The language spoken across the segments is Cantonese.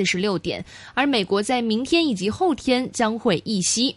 四十六點，而美國在明天以及後天將會議息。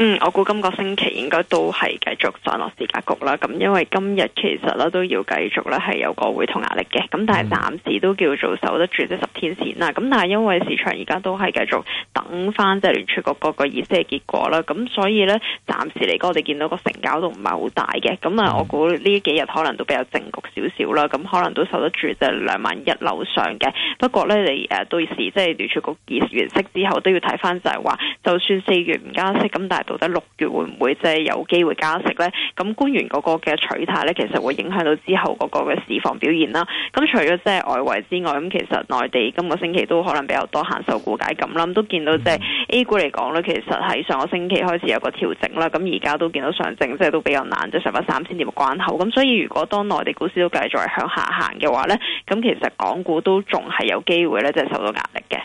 嗯，我估今個星期應該都係繼續上落市格局啦。咁因為今日其實咧都要繼續咧係有個回吐壓力嘅。咁但係暫時都叫做守得住即十天線啦。咁但係因為市場而家都係繼續等翻即係聯儲局個個議息嘅結果啦。咁所以咧暫時嚟講，我哋見到個成交都唔係好大嘅。咁啊，我估呢幾日可能都比較靜局少少啦。咁可能都守得住即係兩萬一樓上嘅。不過咧你誒到時即係、就是、聯儲局議完息之後都要睇翻就係話，就算四月唔加息咁，但係到底六月會唔會即係有機會加息呢？咁官員嗰個嘅取態呢，其實會影響到之後嗰個嘅市況表現啦。咁除咗即係外圍之外，咁其實內地今個星期都可能比較多限售股解禁啦。都見到即係 A 股嚟講呢，其實喺上個星期開始有個調整啦。咁而家都見到上證即係都比較難，即係上翻三千點關口。咁所以如果當內地股市都繼續係向下行嘅話呢，咁其實港股都仲係有機會呢，即係受到壓力嘅。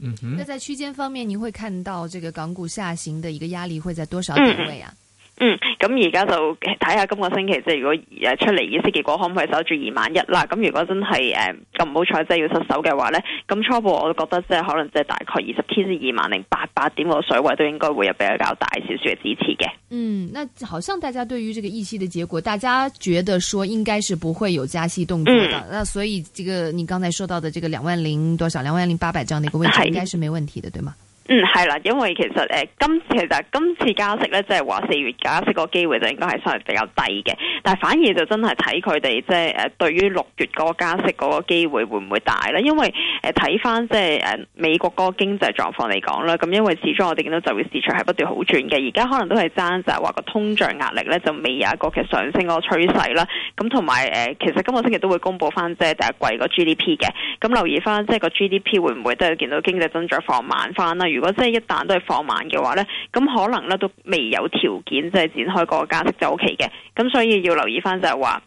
那、嗯、在區間方面，您會看到這個港股下行的一個壓力會在多少點位啊？嗯嗯，咁而家就睇下今個星期即係如果誒出嚟議息結果可唔可以守住二萬一啦？咁如果真係誒咁唔好彩真係要失手嘅話咧，咁初步我覺得即係可能即係大概二十天至二萬零八百點個水位都應該會有比較大少少嘅支持嘅。嗯，那好像大家對於這個議息嘅結果，大家覺得說應該是不會有加息動作嘅。嗯、那所以這個你剛才說到的這個兩萬零多少兩萬零八百這樣一個位置，應該是沒問題的，對嗎？嗯，係啦，因為其實誒、呃、今其實今次加息咧，即係話四月加息個機會就應該係相對比較低嘅，但係反而就真係睇佢哋即係誒對於六月嗰個加息嗰個機會會唔會大咧？因為誒睇翻即係誒美國嗰個經濟狀況嚟講啦。咁因為始終我哋見到就業市場係不斷好轉嘅，而家可能都係爭就係、是、話個通脹壓力咧就未有一個其上升嗰個趨勢啦。咁同埋誒其實今個星期都會公布翻即係第一季個 G D P 嘅，咁留意翻即係個 G D P 會唔會都係見到經濟增長放慢翻啦？如果真係一旦都係放慢嘅話咧，咁可能咧都未有條件即係、就是、展開嗰個加息周期嘅，咁所以要留意翻就係話。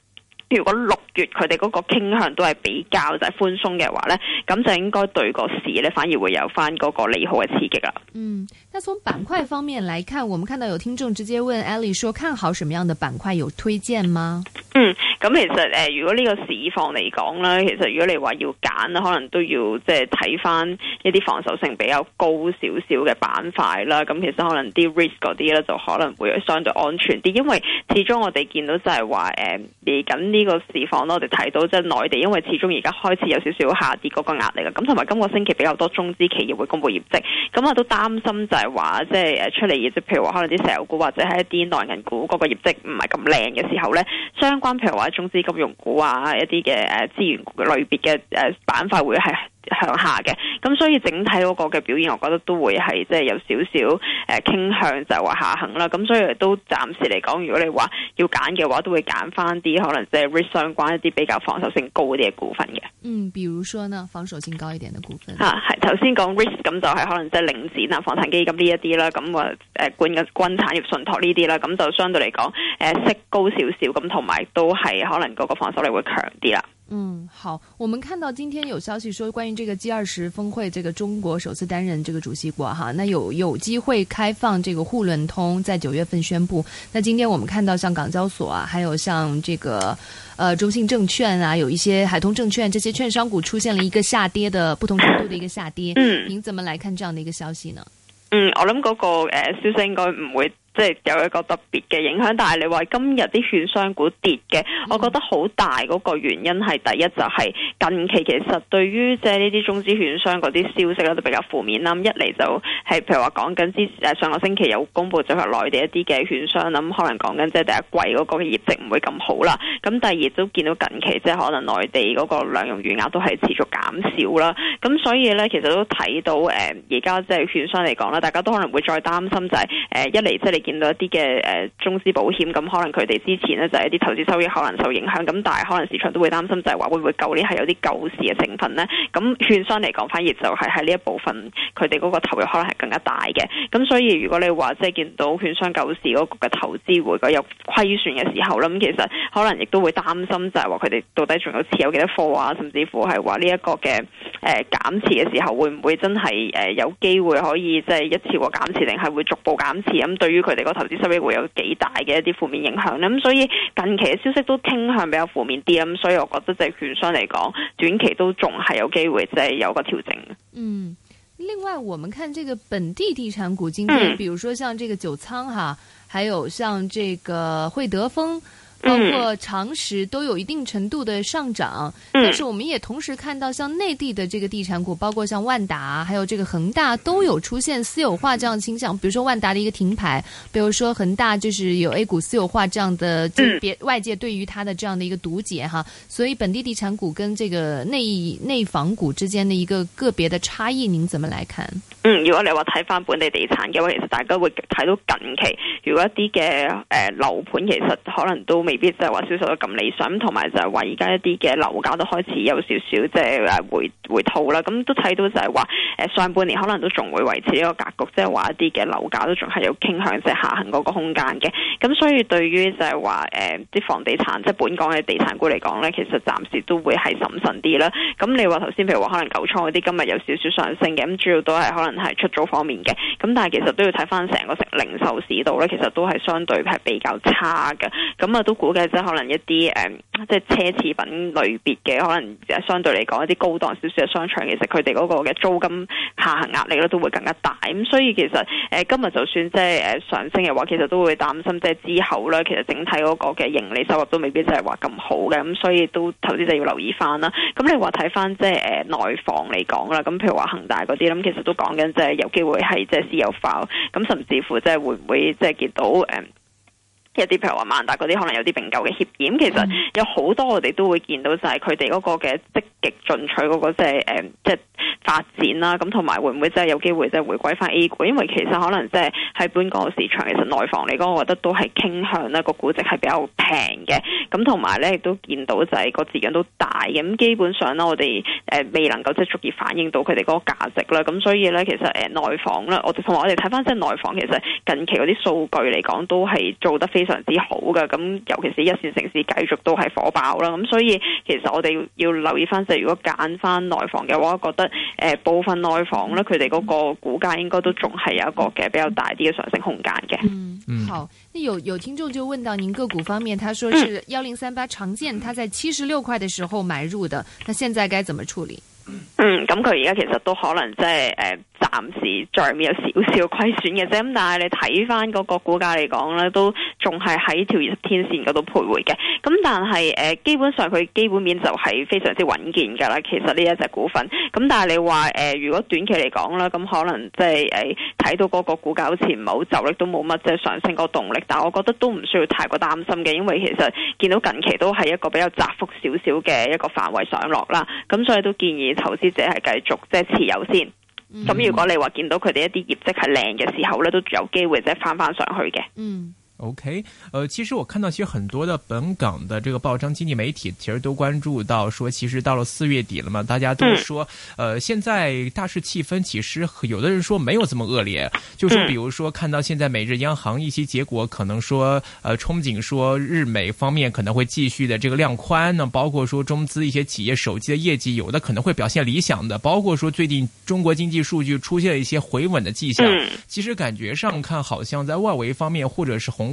如果六月佢哋嗰個傾向都係比較就係寬鬆嘅話咧，咁就應該對個市咧，反而會有翻嗰個利好嘅刺激啦。嗯，那從板塊方面嚟看，我們看到有聽眾直接問 Ellie 說，看好什麼樣的板塊有推薦嗎？嗯，咁其實誒、呃，如果呢個市況嚟講咧，其實如果你話要揀，可能都要即係睇翻一啲防守性比較高少少嘅板塊啦。咁其實可能啲 risk 嗰啲咧，就可能會相對安全啲，因為始終我哋見到就係話誒嚟緊呢。呃呢個市況咯，我哋睇到即係內地，因為始終而家開始有少少下跌嗰個壓力啦。咁同埋今個星期比較多中資企業會公布業績，咁我都擔心就係話，即係誒出嚟業績，譬如話可能啲石油股或者係一啲內銀股嗰個業績唔係咁靚嘅時候咧，相關譬如話中資金融股啊，一啲嘅誒資源類別嘅誒板塊會係向下嘅，咁所以整體嗰個嘅表現，我覺得都會係即係有少少誒傾向就係話下行啦。咁所以都暫時嚟講，如果你話要揀嘅話，都會揀翻啲可能即係 risk 相關一啲比較防守性高啲嘅股份嘅。嗯，比如說呢，防守性高一點嘅股份吓，係頭先講 risk 咁就係可能即係領展啊、房產基金呢一啲啦，咁啊誒，冠嘅冠君產業信託呢啲啦，咁就相對嚟講誒息高少少，咁同埋都係可能嗰個防守力會強啲啦。嗯，好。我們看到今天有消息說，關於這個 G 二十峰會，這個中國首次擔任這個主席國，哈，那有有機會開放這個滬倫通，在九月份宣布。那今天我們看到，像港交所啊，還有像這個，呃，中信證券啊，有一些海通證券這些券商股出現了一個下跌的不同程度的一個下跌。嗯，您怎麼來看這樣的一個消息呢？嗯，我諗嗰個，呃，消息應該唔會。即係有一個特別嘅影響，但係你話今日啲券商股跌嘅，我覺得好大嗰個原因係：第一，就係近期其實對於即係呢啲中資券商嗰啲消息咧都比較負面啦。一嚟就係、是、譬如話講緊之上個星期有公布咗係內地一啲嘅券商，咁可能講緊即係第一季嗰個嘅業績唔會咁好啦。咁第二，都見到近期即係可能內地嗰個兩融餘額都係持續減少啦。咁所以咧其實都睇到誒而家即係券商嚟講啦，大家都可能會再擔心就係、是、誒、呃、一嚟即係你。見到一啲嘅誒中資保險咁，可能佢哋之前呢就係一啲投資收益可能受影響，咁但係可能市場都會擔心就係話會唔會舊年係有啲救市嘅成分呢？咁券商嚟講反而就係喺呢一部分佢哋嗰個投入可能係更加大嘅，咁所以如果你話即係見到券商救市嗰個嘅投資會有虧損嘅時候啦，咁其實可能亦都會擔心就係話佢哋到底仲有持有幾多貨啊，甚至乎係話呢一個嘅誒、呃、減持嘅時候會唔會真係誒有機會可以即係一次過減持，定係會逐步減持？咁對於佢。哋個投資收益會有幾大嘅一啲負面影響，咁所以近期嘅消息都傾向比較負面啲，咁所以我覺得即係券商嚟講，短期都仲係有機會，即係有個調整。嗯，另外我們看這個本地地產股，今天，比如說像這個九倉哈，還有像這個會德豐。包括長實都有一定程度的上漲，但是我們也同時看到，像內地的這個地產股，包括像萬達，還有這個恒大，都有出現私有化這樣的傾向。比如說萬達的一個停牌，比如說恒大就是有 A 股私有化這樣的，就別外界對於它的這樣的一個讀解哈。所以本地地產股跟這個內內房股之間的一個個別的差異，您怎麼來看？嗯，如果你話睇翻本地地產嘅話，其實大家會睇到近期如果一啲嘅誒樓盤，其實可能都未。未必即係話銷售得咁理想，同埋就係話而家一啲嘅樓價都開始有少少即係誒回回吐啦。咁都睇到就係話誒上半年可能都仲會維持呢個格局，即係話一啲嘅樓價都仲係有傾向即係下行嗰個空間嘅。咁所以對於就係話誒啲房地產即係本港嘅地產股嚟講呢，其實暫時都會係審慎啲啦。咁你話頭先譬如話可能九倉嗰啲今日有少少上升嘅，咁主要都係可能係出租方面嘅。咁但係其實都要睇翻成個零售市道呢，其實都係相對係比較差嘅。咁啊都。嘅即係可能一啲誒，即係奢侈品類別嘅，可能相對嚟講一啲高檔少少嘅商場，其實佢哋嗰個嘅租金下行壓力咧都會更加大。咁所以其實誒今日就算即係誒上升嘅話，其實都會擔心即係之後咧，其實整體嗰個嘅盈利收入都未必就係話咁好嘅。咁所以都投資就要留意翻啦。咁你話睇翻即係誒內房嚟講啦，咁譬如話恒大嗰啲，咁其實都講緊即係有機會係即係私有化，咁甚至乎即係會唔會即係見到誒？呃有啲譬如話萬達嗰啲可能有啲並購嘅協議，咁其實有好多我哋都會見到，就係佢哋嗰個嘅積極進取嗰個即係誒即係發展啦。咁同埋會唔會即係有機會即係回歸翻 A 股？因為其實可能即係喺本港嘅市場，其實內房嚟講，我覺得都係傾向咧個估值係比較平嘅。咁同埋咧亦都見到就係個市量都大嘅。咁基本上咧，我哋誒未能夠即係足以反映到佢哋嗰個價值咧。咁所以咧，其實誒內房咧，我哋同埋我哋睇翻即係內房，其實近期嗰啲數據嚟講都係做得非非常之好噶，咁尤其是一線城市繼續都係火爆啦，咁所以其實我哋要留意翻，即係如果揀翻內房嘅話，覺得誒部分內房咧，佢哋嗰個股價應該都仲係有一個嘅比較大啲嘅上升空間嘅。嗯，好，有有聽眾就問到，您個股方面，他說是幺零三八長建，他在七十六塊嘅時候買入的，那現在該怎麼處理？嗯，咁佢而家其實都可能即係誒。暫時上面有少少虧損嘅啫，咁但係你睇翻嗰個股價嚟講咧，都仲係喺條天線嗰度徘徊嘅。咁但係誒，基本上佢基本面就係非常之穩健噶啦。其實呢一隻股份咁，但係你話誒、呃，如果短期嚟講啦，咁可能即係誒睇到嗰個股價好似唔係好走力，都冇乜即係上升個動力。但係我覺得都唔需要太過擔心嘅，因為其實見到近期都係一個比較窄幅少少嘅一個範圍上落啦。咁所以都建議投資者係繼續即係持有先。咁、mm hmm. 如果你話見到佢哋一啲業績係靚嘅時候咧，都仲有機會即係翻翻上去嘅。嗯、mm。Hmm. OK，呃，其實我看到其實很多的本港的這個報章、經濟媒體，其實都關注到說，其實到了四月底了嘛，大家都說，呃，現在大市氣氛其實，有的人說沒有這麼惡劣，就是比如說看到現在美日央行議息結果，可能說，呃，憧憬說日美方面可能會繼續的這個量寬呢，包括說中資一些企業手機的業績，有的可能會表現理想的，包括說最近中國經濟數據出現了一些回穩的跡象，其實感覺上看，好像在外圍方面或者是紅，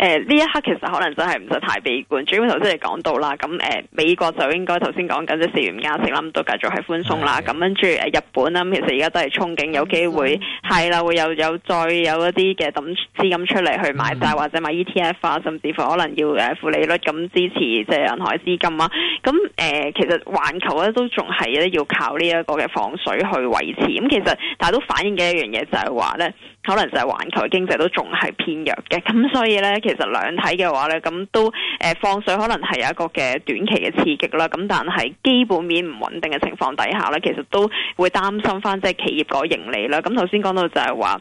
誒呢、呃、一刻其實可能真係唔使太悲觀，主要頭先你講到啦，咁誒、呃、美國就應該頭先講緊啲美元加息啦，咁都繼續係寬鬆啦，咁跟住誒日本啦、嗯，其實而家都係憧憬有機會係啦的，會又有，有再有一啲嘅揼資金出嚟去買債或者買 ETF 啊，甚至乎可能要誒負利率咁支持即係銀行資金啊，咁、呃、誒其實環球咧都仲係咧要靠呢一個嘅放水去維持，咁、嗯、其實但係都反映嘅一樣嘢就係話咧。呢可能就係環球嘅經濟都仲係偏弱嘅，咁所以咧，其實兩體嘅話咧，咁都誒、呃、放水可能係有一個嘅短期嘅刺激啦，咁但係基本面唔穩定嘅情況底下咧，其實都會擔心翻即係企業個盈利啦。咁頭先講到就係話。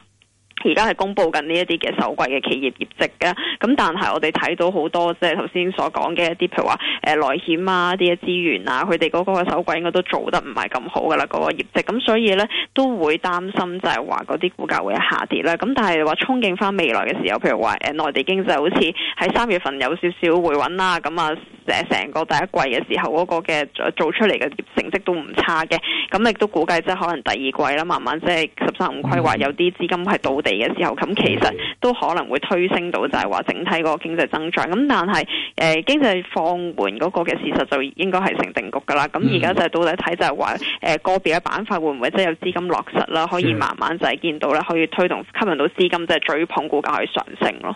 而家係公布緊呢一啲嘅首季嘅企業業績嘅，咁但係我哋睇到好多即係頭先所講嘅一啲，譬如話誒內險啊、啲資源啊，佢哋嗰個首季應該都做得唔係咁好噶啦，嗰個業績，咁所以咧都會擔心就係話嗰啲股價會下跌咧。咁但係話憧憬翻未來嘅時候，譬如話誒內地經濟好似喺三月份有少少回穩啦，咁啊成個第一季嘅時候嗰個嘅做出嚟嘅成績都唔差嘅，咁亦都估計即係可能第二季啦，慢慢即係十三五規劃有啲資金係倒嚟嘅時候，咁其實都可能會推升到，就係話整體個經濟增長。咁但係，誒、呃、經濟放緩嗰個嘅事實就應該係成定局噶啦。咁而家就係到底睇，就係話，誒個別嘅板塊會唔會真係有資金落實啦，可以慢慢就係見到啦，可以推動吸引到資金，即係追捧股價去上升咯。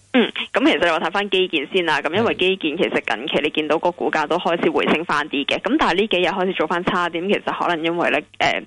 咁其實我睇翻基建先啦，咁因為基建其實近期你見到個股價都開始回升翻啲嘅，咁但係呢幾日開始做翻差點，其實可能因為咧誒，呃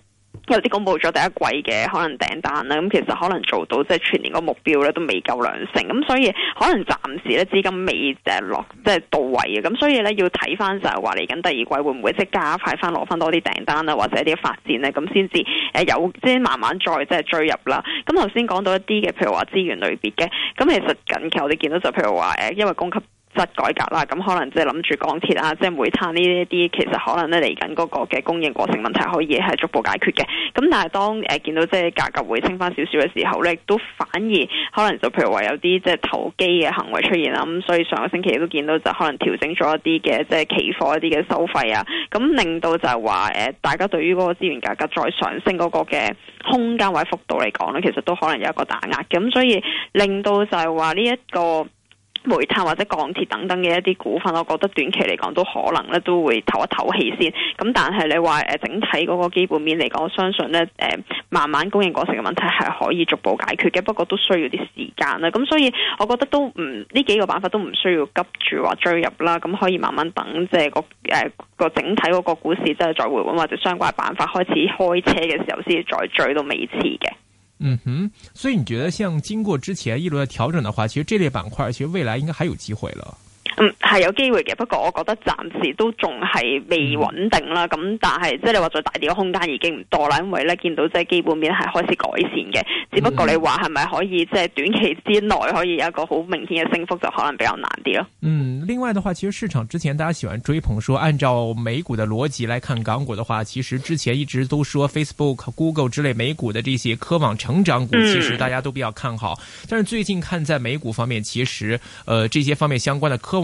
有啲公布咗第一季嘅可能訂單啦，咁其實可能做到即係、就是、全年個目標咧都未夠兩成，咁所以可能暫時咧資金未誒落即係到位嘅，咁所以咧要睇翻就係話嚟緊第二季會唔會即係加快翻攞翻多啲訂單啦，或者啲發展咧，咁先至誒有即慢慢再即係追入啦。咁頭先講到一啲嘅，譬如話資源類別嘅，咁其實近期我哋見到就是、譬如話誒，因為供給。質改革啦，咁可能即係諗住鋼鐵啊，即係煤炭呢一啲，其實可能咧嚟緊嗰個嘅供應過剩問題可以係逐步解決嘅。咁但係當誒見到即係價格會升翻少少嘅時候咧，亦都反而可能就譬如話有啲即係投機嘅行為出現啦。咁所以上個星期亦都見到就可能調整咗一啲嘅即係期貨一啲嘅收費啊，咁令到就係話誒大家對於嗰個資源價格再上升嗰個嘅空間或者幅度嚟講咧，其實都可能有一個打壓，咁所以令到就係話呢一個。煤炭或者鋼鐵等等嘅一啲股份，我覺得短期嚟講都可能咧都會唞一唞氣先。咁但係你話誒整體嗰個基本面嚟講，我相信咧誒慢慢供應過剩嘅問題係可以逐步解決嘅，不過都需要啲時間啦。咁所以我覺得都唔呢幾個辦法都唔需要急住話追入啦。咁可以慢慢等即係、就是、個誒個、呃、整體嗰個股市真係再回穩或者相關辦法開始開車嘅時候，先至再追都未遲嘅。嗯哼，所以你覺得像經過之前一輪的調整的話，其實這類板塊，其實未來應該還有機會了？嗯，係有機會嘅，不過我覺得暫時都仲係未穩定啦。咁但係即係你話再大啲嘅空間已經唔多啦，因為呢見到即係基本面係開始改善嘅。只不過你話係咪可以即係、就是、短期之內可以有一個好明顯嘅升幅，就可能比較難啲咯。嗯，另外的話，其實市場之前大家喜歡追捧，說按照美股的邏輯來看港股的話，其實之前一直都說 Facebook、Google 之類美股的這些科網成長股，其實大家都比較看好。嗯、但是最近看在美股方面，其實，呃，這些方面相關的科網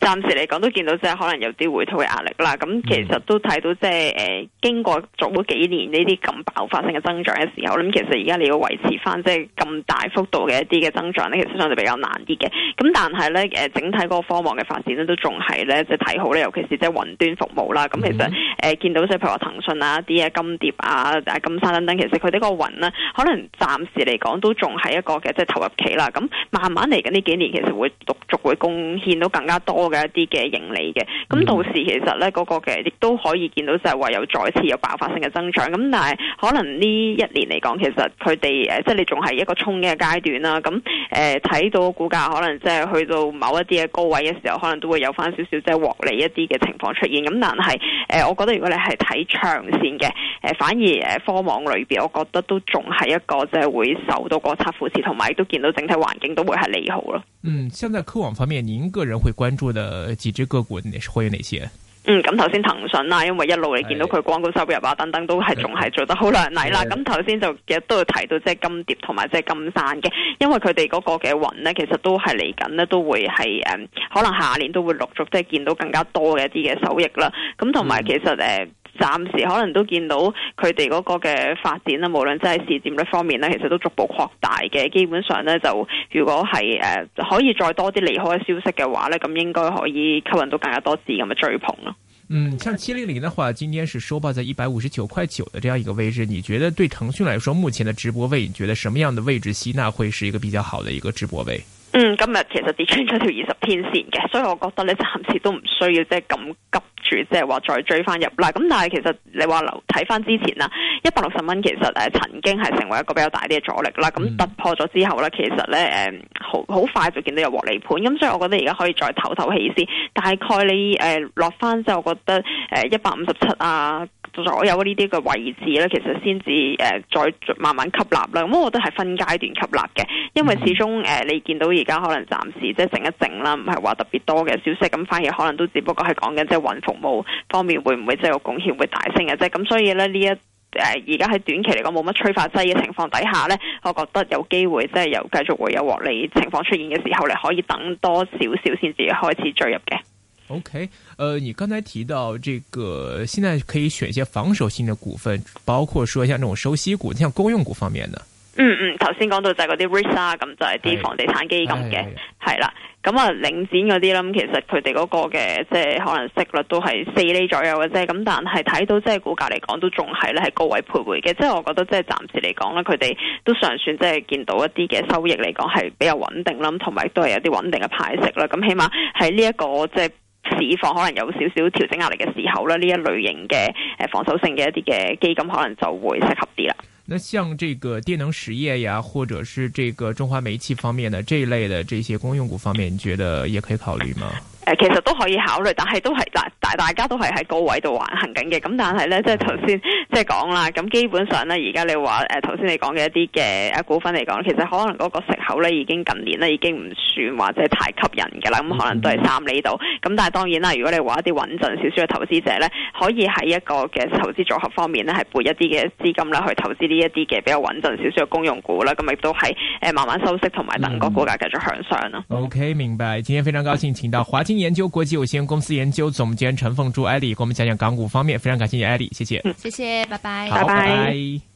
暫時嚟講都見到即係可能有啲回吐嘅壓力啦。咁其實都睇到即係誒，經過咗幾，幾年呢啲咁爆發性嘅增長嘅時候，咁其實而家你要維持翻即係咁大幅度嘅一啲嘅增長呢，其實上就比較難啲嘅。咁但係咧，誒整體嗰個科網嘅發展咧都仲係咧即係睇好咧，尤其是即係雲端服務啦。咁其實誒見到即係譬如話騰訊啊一啲啊金蝶啊金山等等，其實佢哋個雲呢，可能暫時嚟講都仲係一個嘅即係投入期啦。咁慢慢嚟緊呢幾年，其實會陸續會貢獻到更加多。多嘅一啲嘅盈利嘅，咁到時其實咧，嗰個嘅亦都可以見到就係話有再次有爆發性嘅增長。咁但係可能呢一年嚟講，其實佢哋誒即係你仲係一個衝擊嘅階段啦。咁誒睇到股價可能即係去到某一啲嘅高位嘅時候，可能都會有翻少少即係獲利一啲嘅情況出現。咁但係誒我覺得如果你係睇長線嘅，誒反而誒科網裏邊，我覺得都仲係一個即係會受到個測扶持，同埋亦都見到整體環境都會係利好咯。嗯，現在科網方面，您個人會關注的幾支個股，那會有哪些？嗯，咁頭先騰訊啦，因為一路你見到佢廣告收入啊，等等都係仲係做得好靚麗啦。咁頭先就亦都有提到即係金蝶同埋即係金山嘅，因為佢哋嗰個嘅雲咧，其實都係嚟緊呢，都會係誒，可能下年都會陸續即係見到更加多嘅一啲嘅收益啦。咁同埋其實誒。嗯暫時可能都見到佢哋嗰個嘅發展啦，無論即係市占率方面咧，其實都逐步擴大嘅。基本上呢，就如果係誒、呃、可以再多啲離開消息嘅話呢，咁應該可以吸引到更加多資金嘅追捧咯。嗯，像七零零嘅話，今天是收報在一百五十九塊九嘅這樣一個位置。你覺得對騰訊來說，目前的直播位，你覺得什麼樣的位置吸納會是一個比較好的一個直播位？嗯，今日其實跌穿咗條二十天線嘅，所以我覺得咧暫時都唔需要即係咁急住即係話再追翻入啦。咁但係其實你話留睇翻之前啦，一百六十蚊其實誒曾經係成為一個比較大啲嘅阻力啦。咁突破咗之後咧，其實咧誒好好快就見到有獲利盤。咁所以我覺得而家可以再唞唞氣先。大概你誒落翻之後，呃、即我覺得誒一百五十七啊左右呢啲嘅位置咧，其實先至誒再慢慢吸納啦。咁我覺得係分階段吸納嘅，因為始終誒、呃、你見到而家可能暫時即係整一整啦，唔係話特別多嘅消息，咁反而可能都只不過係講緊即係雲服務方面會唔會即係有貢獻會大升嘅啫。咁所以咧呢一誒而家喺短期嚟講冇乜催化劑嘅情況底下咧，我覺得有機會即係又繼續會有獲利情況出現嘅時候你可以等多少少先至開始追入嘅。OK，誒、呃，你剛才提到這個，現在可以選一些防守性嘅股份，包括說像這種收息股、像公用股方面呢？嗯嗯，頭先講到就係嗰啲 REIT 啊，咁就係啲房地產基金嘅，係啦的，咁啊的領展嗰啲啦，咁其實佢哋嗰個嘅即係可能息率都係四厘左右嘅啫，咁但係睇到即係股價嚟講都仲係咧係高位徘徊嘅，即係我覺得即係暫時嚟講咧，佢哋都尚算即係見到一啲嘅收益嚟講係比較穩定啦，同埋都係有啲穩定嘅派息啦，咁起碼喺呢一個即係市況可能有少少調整壓力嘅時候咧，呢一類型嘅誒防守性嘅一啲嘅基金可能就會適合啲啦。那像這個電能實業呀，或者是這個中華煤氣方面的這一類的這些公用股方面，你覺得也可以考慮嗎？誒，其實都可以考慮，但係都係嗱，大大家都係喺高位度橫行緊嘅。咁但係咧，即係頭先即係講啦，咁基本上咧，而家你話誒，頭先你講嘅一啲嘅誒股份嚟講，其實可能嗰個食口咧，已經近年咧已經唔算話即係太吸引嘅啦。咁可能都係三厘度。咁但係當然啦，如果你話一啲穩陣少少嘅投資者咧，可以喺一個嘅投資組合方面咧，係撥一啲嘅資金啦，去投資呢一啲嘅比較穩陣少少嘅公用股啦。咁亦都係誒，慢慢收息同埋等個股價繼續向上咯。嗯，okay，明白。今天非常高興，請到華研究國際有限公司研究總監陳鳳珠 Ellie，給我們講講港股方面，非常感謝你，Ellie，謝謝，嗯、謝謝，拜拜，拜拜。